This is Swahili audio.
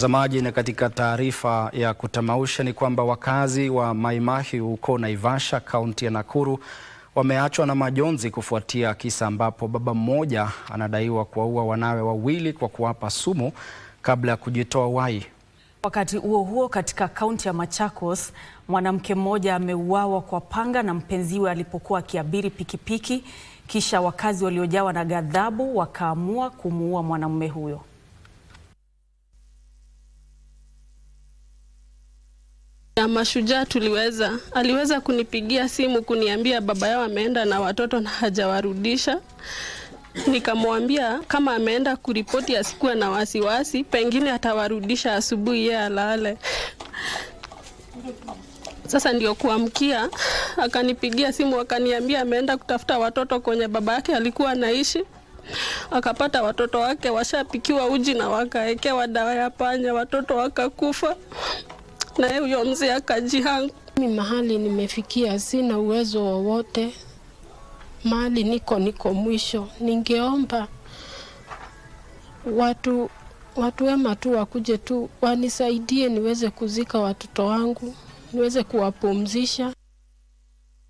Mtazamaji, na katika taarifa ya kutamausha ni kwamba wakazi wa Maimahi huko Naivasha, kaunti ya Nakuru wameachwa na majonzi kufuatia kisa ambapo baba mmoja anadaiwa kuwaua wanawe wawili kwa kuwapa sumu kabla ya kujitoa uhai. Wakati huo huo, katika kaunti ya Machakos, mwanamke mmoja ameuawa kwa panga na mpenziwe alipokuwa akiabiri pikipiki, kisha wakazi waliojawa na ghadhabu wakaamua kumuua mwanamume huyo. Mashujaa tuliweza, aliweza kunipigia simu kuniambia baba yao ameenda na watoto na hajawarudisha. Nikamwambia kama ameenda kuripoti asikuwe na wasiwasi, pengine atawarudisha asubuhi, yeye alale. Sasa ndio kuamkia, akanipigia simu akaniambia ameenda kutafuta watoto kwenye baba yake alikuwa anaishi akapata watoto wake washapikiwa uji na wakaekewa dawa ya panya, watoto wakakufa naye huyo mzee yangu Mimi mahali nimefikia, sina uwezo wowote, mahali niko niko mwisho. Ningeomba watu watu wema tu wakuje tu wanisaidie niweze kuzika watoto wangu niweze kuwapumzisha.